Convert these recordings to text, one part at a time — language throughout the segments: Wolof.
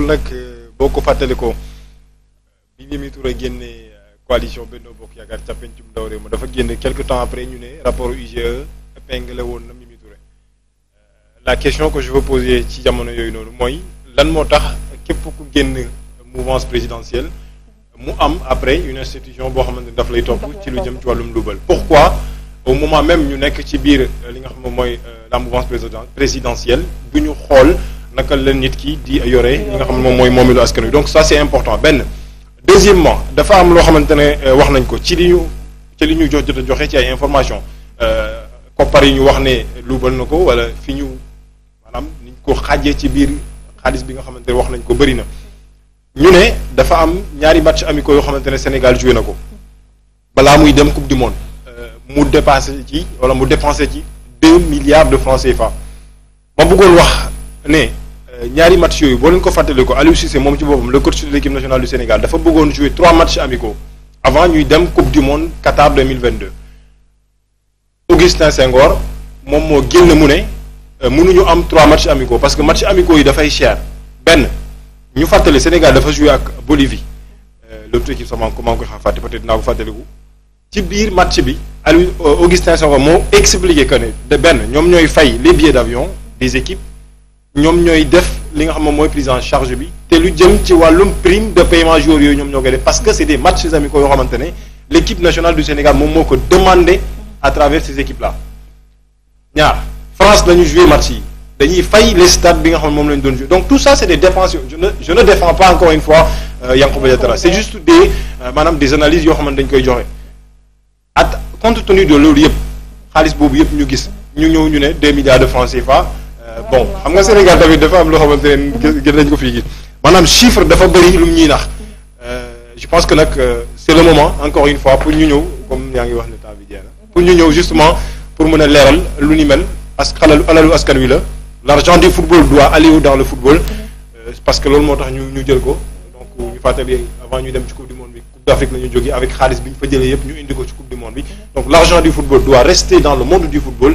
loolu nag euh, boo ko fàttalikoo bi Mimi Touré génnee euh, coalition Benno Bokk Yaakaar ca pencum ndaw réew ma dafa génn quelque temps après ñu ne rapport IGE épinglé woon na mi Touré euh, la question que je veux poser ci jamono yooyu noonu mooy lan moo tax képp ku génn mouvance présidentielle mu am après une institution boo xamante ni daf lay topp ci lu jëm ci wàllum luubal pourquoi au moment même ñu nekk ci biir li nga xam ne mooy la mouvance présidentielle du ñu xool nakal len nit ki di yoré li nga xam ne moom mooy moomeelu donc ça c'est important ben deuxièmement dafa am lo xamantene euh, wax nañ ko ci liñu ci liñu jox jotta a joxe ci ay information euh, koppar yi ñu wax né luubal na nako wala fi ñu maanaam niñ ko xajé ci bir xaalis bi nga xamantene wax nañ ko bari na ñu né dafa am ñaari match amiko yo xamantene Sénégal joué nako ko muy dem coupe du monde euh, mu dépassé ci wala mu dépensé ci 2 milliards de francs CFA ma bëggoon wax ne ñaari match yooyu bo leen ko fàttali ko Aliou Cissé mom ci boppam le coach de l'équipe nationale du Sénégal dafa bëggoon jouer trois matchs amicaux avant ñuy dem coupe du monde Qatar 2022 Augustin Senghor mom mo génn mu ne euh, mënuñu am trois matchs amicaux parce que match amicaux yi dafay cher ben ñu fàttali Sénégal dafa jouer ak Bolivie euh, l'autre équipe sama ko maa xam peut-être naa ko fàttaliku ci biir match bi Aliou euh, Augustin Senghor mo expliquer que ne de ben ñom ñoy fay les billets d'avion des équipes ñom ñoy def li nga xam ne prise en charge bi té lu jëm ci walum prime de paiement jour yooyu ñoom ñoo def parce que c'est des matchs amis ko yo ne l'équipe nationale du Sénégal mom moko demander demandé à travers ces équipes là ñaar France lañu jouer joué match yi dañuy fay les stades bi nga xam mom moom doon donc tout ça c'est des dépenses je ne je ne défends pas encore une fois euh, Yankhoba Diattara c' juste des euh, madame des analyses yo xam dañ koy joxe at compte tenu de loolu yépp xaliss bobu yépp ñu gis ñu ñëw ñu né 2 milliards de francs CFA bon xam nga Sénégal tamit dafa am loo xamante ne gën nañ ko fii maanaam chiffre dafa bëri lu ñuy nax euh, je pense que nag euh, c'est le moment encore une fois pour ñu ñëw comme yaa ngi wax ne temps bi jeex na pour ñu ñëw justement pour mën a leeral lu ni mel as xalalu alalu askan wi la l'argent du football doit aller où dans le football euh, parce que loolu moo tax ñu ñu jël ko donc ñu fàttali avant ñu dem ci coupe du monde bi coupe d'Afrique la ñu jógee avec xaalis bi ñu fa jëlee yëpp ñu indi ko ci coupe du monde bi donc l'argent du football doit rester dans le monde du football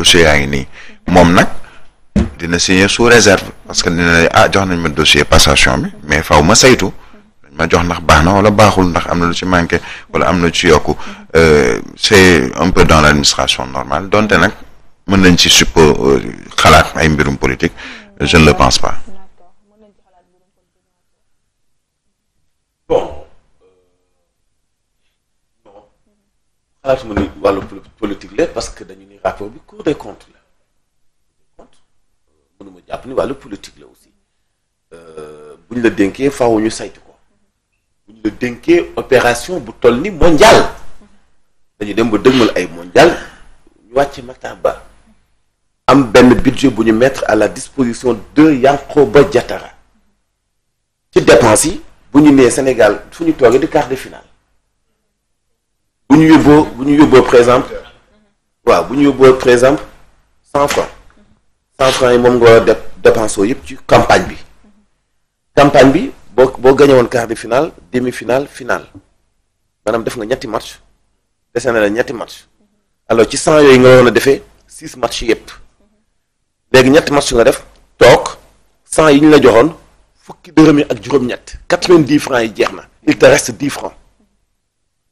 dossier mom nak dina signer sous réserve parce que dina ne ah jox nañ ma dossier passation bi mais faw ma saytu dañ ma jox nak baax wala baxul ndax amna lu ci manqué wala amna na lu ci yokku euh, c'est un peu dans l'administration normale donté nak meun nañ ci suppo euh, xalaat ay mbirum politique je ne le pense pas politique parce que dañu rapport du cours des comptes la euh, politique aussi Nous euh, le opération bu mondial dañu dem ba nous ay mondial ñu am budget mettre à la disposition de ci dépenses yi bu ñu Sénégal suñu togué de quart de finale vous n'y avez vous n'y avez par exemple quoi vous n'y avez par exemple 100 francs 100 francs et mon gars dépense au tu campagne bi campagne bi bon gagner mon quart de finale demi finale finale madame de fond n'y a match des années n'y match alors tu sens y a une grande 6 matchs yep les gagnants de match sur la def toc 100 il n'y a pas de ron faut qu'il dorme avec du ron 90 francs et germain il te reste 10 francs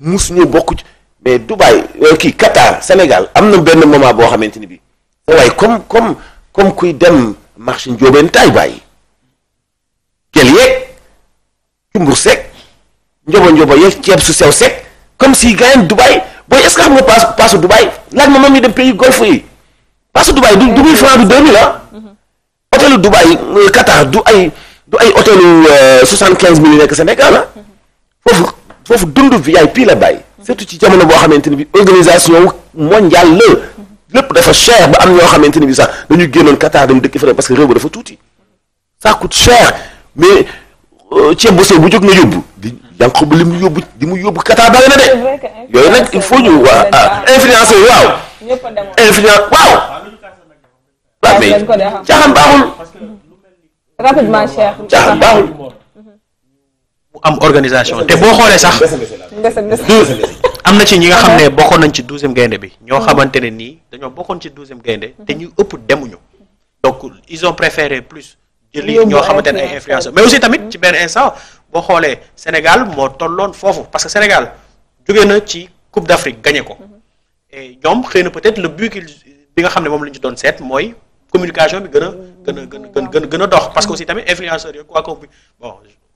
mus ñu bokk ci mais Dubaï euh, kii Qatar Sénégal am na benn moment boo xamante ni bii waaye comme comme comme kuy dem marché njóobeen taay bàyyi gel yeeg cumbur sec njobo njobo yeeg ceeb su sew sec comme si gayen Dubaï booy est-ce que xam nga paas paasu Dubaï laaj ma moom yi dem pays golfe yi paasu Dubaï du du muy franc du deux mille ah. mhm. hôtelu Dubaï euh, Qatar du ay du ay hôtelu euh, soixante quinze mille nekk Sénégal ah mhm. foofu foofu dund VIP la bàyyi. surtout ci jamono boo xamante ni bi organisation mondial la. lépp dafa cher ba am ñoo xamante ni bi sax dañu génnoon Qatar dem dëkk feneen parce que réew ba dafa tuuti. ça coûte cher mais euh, ceeb bu sew bu jóg na yóbbu di yànq ba li mu yóbbu di mu yóbbu Qatar bari na de. yooyu nag il faut ñu waa ah influenceur waaw. ñëpp a demoon influenceur waaw. waaw mais baaxul. rapidement baaxul. am organisation té bo xolé sax amna ci ñi nga xamné ne nañ ci 12e gaynde bi ño xamantene ni nii dañoo bokkoon ci e gaynde té ñu ëpp ñu donc ils ont préféré plus jëli ñoo xamantene ay influenceurs mais aussi tamit ci ben instant bo xolé Sénégal mo tolloon fofu parce que Sénégal jóge na ci Coupe d'Afrique gagné ko et ñom xëy peut-être le but bi nga xamné mom lañ ci doon seet moy communication bi gëna gëna gëna gëna dox parce que aussi tamit influenceurs yo quoi que bon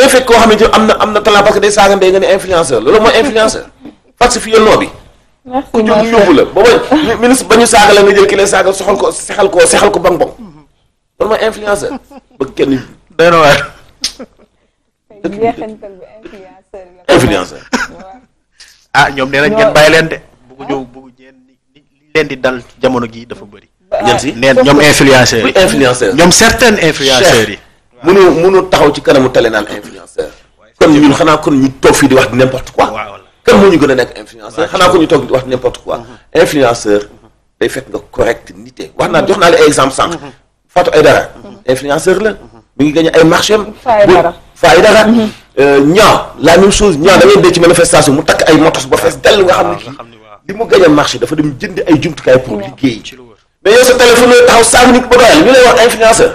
da fekk koo xamante ni am na am na talent parce que day saaga nga ne influenceur loolu mooy influenceur falsifier noo bi. merci ku jóg yóbbu la ba ba ministre ba ñu saaga la nga jël ki lay saaga soxal ko sexal ko sexal ko bang bang loolu mooy influenceur ba kenn. day na waay. influenceur influenceur. ah ñoom nee nañ ngeen bàyyi leen de. bu ñu bu ngeen li leen di dal jamono gi dafa bëri. ñoom si ñoom influenceurs yi. influenceurs ñoom yi. mënoo mënoo taxaw ci kanamu télé influenceur comme ñun xana ko ñu tok fi di wax di n'importe quoi comme moñu gëna nek influenceur xana ko ñu tok di wax n'importe quoi mm-hmm. influenceur day fekk nga correct nité wax na jox na la exemple sank mm-hmm. Fatou Aïdara mm-hmm. influenceur la mi ngi gagné ay marché am Faye Dara ñaaw la même chose ñaaw da ngay dé ci manifestation mu tak ay motos ba fess del nga xamni li mu gagné marché dafa dem jënd ay kay pour liggéey mais yow sa téléphone taxaw cinq minutes ba doyal ñu lay wax influenceur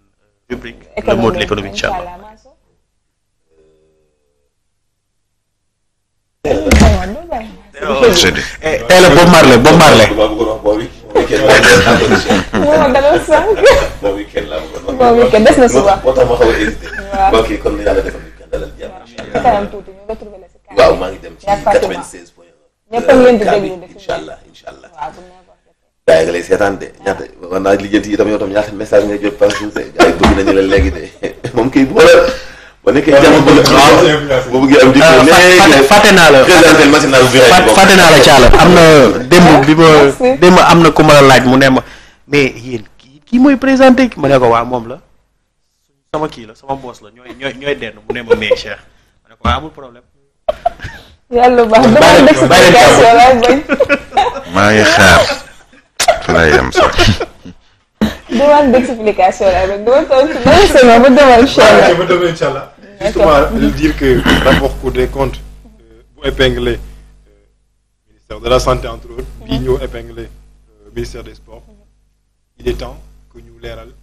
rubrique le mot de l'économie inchallah tey euh, eh, eh, la Bob Marley Bob des na suba moo tax ma xaw a hésité waaw kon yàlla defal ñu dalal jàmm la si dem ci 96 point 1 gaa yi nga lay seetaan de ñaata war naa lijjanti itam yow tam ñaata message ngay jot par jour la léegi naa la caala am na ah, démb bi ma démb am na ku ma la laaj mu ne ma mais yéen ki mooy présenté ma ne ko waa moom la sama kii la sama boos la ñooy ñooy ñooy denn mu ne ma mais Cheikh ne ko waa amul la yem sax. demande d'explication la rek dama tontu ba sama ba demal incha allah ba demal incha allah. justement dire que rapport Cour des comptes bu euh, épinglé euh, ministère de la santé entre autres. bii mhm. épinglez euh, épinglé ministère des sports mhm. il est temps que nous leeral.